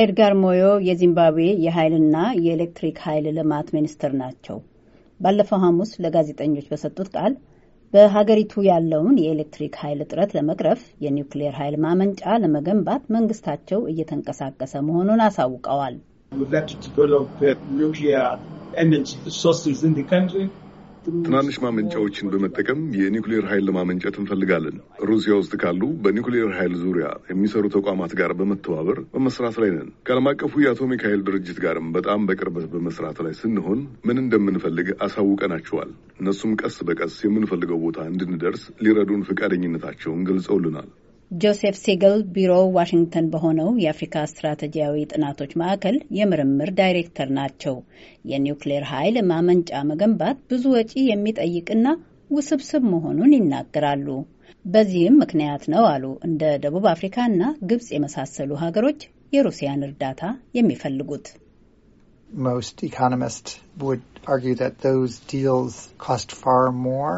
ኤድጋር ሞዮ የዚምባብዌ የኃይልና የኤሌክትሪክ ኃይል ልማት ሚኒስትር ናቸው። ባለፈው ሐሙስ ለጋዜጠኞች በሰጡት ቃል በሀገሪቱ ያለውን የኤሌክትሪክ ኃይል እጥረት ለመቅረፍ የኒውክሌር ኃይል ማመንጫ ለመገንባት መንግስታቸው እየተንቀሳቀሰ መሆኑን አሳውቀዋል። ትናንሽ ማመንጫዎችን በመጠቀም የኒኩሌር ኃይል ለማመንጨት እንፈልጋለን። ሩሲያ ውስጥ ካሉ በኒኩሌር ኃይል ዙሪያ የሚሰሩ ተቋማት ጋር በመተባበር በመስራት ላይ ነን። ከዓለም አቀፉ የአቶሚክ ኃይል ድርጅት ጋርም በጣም በቅርበት በመስራት ላይ ስንሆን ምን እንደምንፈልግ አሳውቀናቸዋል። እነሱም ቀስ በቀስ የምንፈልገው ቦታ እንድንደርስ ሊረዱን ፈቃደኝነታቸውን ገልጸውልናል። ጆሴፍ ሲግል ቢሮው ዋሽንግተን በሆነው የአፍሪካ ስትራቴጂያዊ ጥናቶች ማዕከል የምርምር ዳይሬክተር ናቸው። የኒውክሌር ኃይል ማመንጫ መገንባት ብዙ ወጪ የሚጠይቅና ውስብስብ መሆኑን ይናገራሉ። በዚህም ምክንያት ነው አሉ እንደ ደቡብ አፍሪካና ግብጽ የመሳሰሉ ሀገሮች የሩሲያን እርዳታ የሚፈልጉት። most economists would argue that those deals cost far more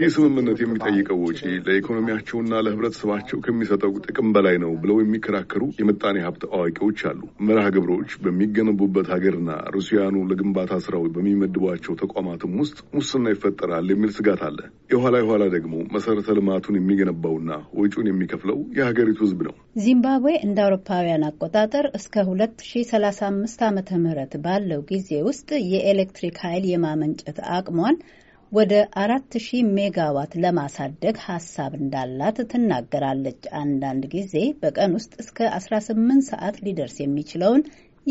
ይህ የሚጠይቀው ወጪ ለኢኮኖሚያቸውና ለህብረተሰባቸው ከሚሰጠው ጥቅም በላይ ነው ብለው የሚከራከሩ የምጣኔ ሀብት አዋቂዎች አሉ። መርሃ ግብሮች በሚገነቡበት ሀገርና ሩሲያኑ ለግንባታ ስራው በሚመድቧቸው ተቋማትም ውስጥ ሙስና ይፈጠራል የሚል ስጋት አለ። የኋላ የኋላ ደግሞ መሰረተ ልማቱን የሚገነባውና ወጪውን የሚከፍለው የሀገሪቱ ህዝብ ነው። ዚምባብዌ እንደ አውሮፓውያን አቆጣጠር እስከ 2035 ዓ ም ባለው ጊዜ ውስጥ የኤሌክትሪክ ኃይል የማመንጨት አቅሟን ወደ አራት ሺህ ሜጋዋት ለማሳደግ ሀሳብ እንዳላት ትናገራለች። አንዳንድ ጊዜ በቀን ውስጥ እስከ 18 ሰዓት ሊደርስ የሚችለውን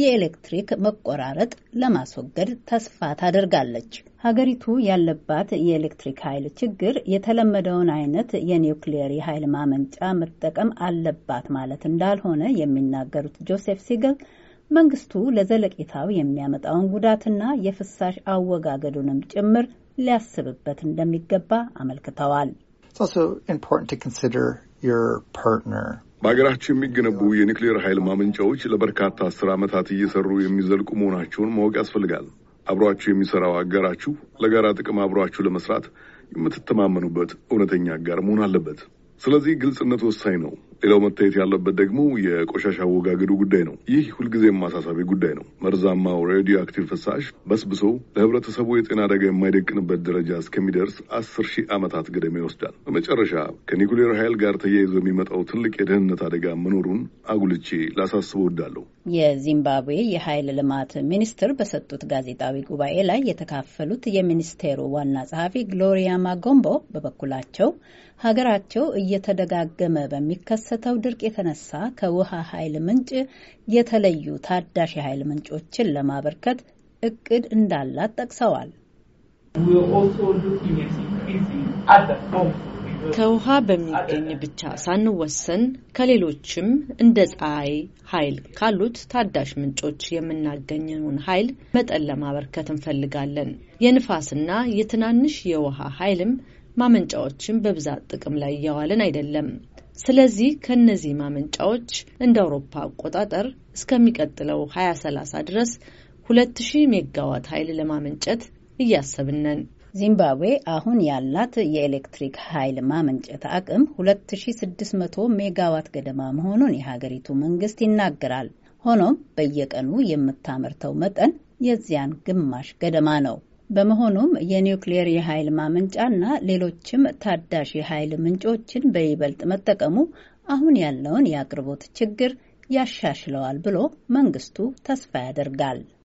የኤሌክትሪክ መቆራረጥ ለማስወገድ ተስፋ ታደርጋለች። ሀገሪቱ ያለባት የኤሌክትሪክ ኃይል ችግር የተለመደውን አይነት የኒውክሊየር የኃይል ማመንጫ መጠቀም አለባት ማለት እንዳልሆነ የሚናገሩት ጆሴፍ ሲገል መንግስቱ ለዘለቄታው የሚያመጣውን ጉዳትና የፍሳሽ አወጋገዱንም ጭምር ሊያስብበት እንደሚገባ አመልክተዋል። በሀገራችን የሚገነቡ የኒክሌር ኃይል ማመንጫዎች ለበርካታ አስር ዓመታት እየሰሩ የሚዘልቁ መሆናቸውን ማወቅ ያስፈልጋል። አብሯችሁ የሚሰራው አጋራችሁ ለጋራ ጥቅም አብሯችሁ ለመስራት የምትተማመኑበት እውነተኛ አጋር መሆን አለበት። ስለዚህ ግልጽነት ወሳኝ ነው። ሌላው መታየት ያለበት ደግሞ የቆሻሻ አወጋገዱ ጉዳይ ነው። ይህ ሁልጊዜም ማሳሳቢ ጉዳይ ነው። መርዛማው ሬዲዮ አክቲቭ ፍሳሽ በስብሶ ለህብረተሰቡ የጤና አደጋ የማይደቅንበት ደረጃ እስከሚደርስ አስር ሺህ ዓመታት ገደማ ይወስዳል። በመጨረሻ ከኒኩሌር ኃይል ጋር ተያይዞ የሚመጣው ትልቅ የደህንነት አደጋ መኖሩን አጉልቼ ላሳስብ እወዳለሁ። የዚምባብዌ የኃይል ልማት ሚኒስትር በሰጡት ጋዜጣዊ ጉባኤ ላይ የተካፈሉት የሚኒስቴሩ ዋና ጸሐፊ ግሎሪያ ማጎምቦ በበኩላቸው ሀገራቸው እየተደጋገመ በሚከሰ ከተከሰተው ድርቅ የተነሳ ከውሃ ኃይል ምንጭ የተለዩ ታዳሽ የኃይል ምንጮችን ለማበርከት እቅድ እንዳላት ጠቅሰዋል። ከውሃ በሚገኝ ብቻ ሳንወሰን ከሌሎችም እንደ ፀሐይ ኃይል ካሉት ታዳሽ ምንጮች የምናገኘውን ኃይል መጠን ለማበርከት እንፈልጋለን። የንፋስና የትናንሽ የውሃ ኃይልም ማመንጫዎችን በብዛት ጥቅም ላይ እያዋልን አይደለም። ስለዚህ ከነዚህ ማመንጫዎች እንደ አውሮፓ አቆጣጠር እስከሚቀጥለው 2030 ድረስ 2000 ሜጋዋት ኃይል ለማመንጨት እያሰብነን። ዚምባብዌ አሁን ያላት የኤሌክትሪክ ኃይል ማመንጨት አቅም 2600 ሜጋዋት ገደማ መሆኑን የሀገሪቱ መንግስት ይናገራል። ሆኖም በየቀኑ የምታመርተው መጠን የዚያን ግማሽ ገደማ ነው። በመሆኑም የኒውክሌር የኃይል ማመንጫና ሌሎችም ታዳሽ የኃይል ምንጮችን በይበልጥ መጠቀሙ አሁን ያለውን የአቅርቦት ችግር ያሻሽለዋል ብሎ መንግስቱ ተስፋ ያደርጋል።